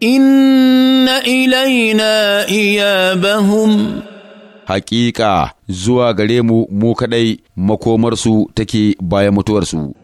ilaina iya bahum. Haƙiƙa zuwa gare mu mu kaɗai makomarsu take bayan mutuwarsu.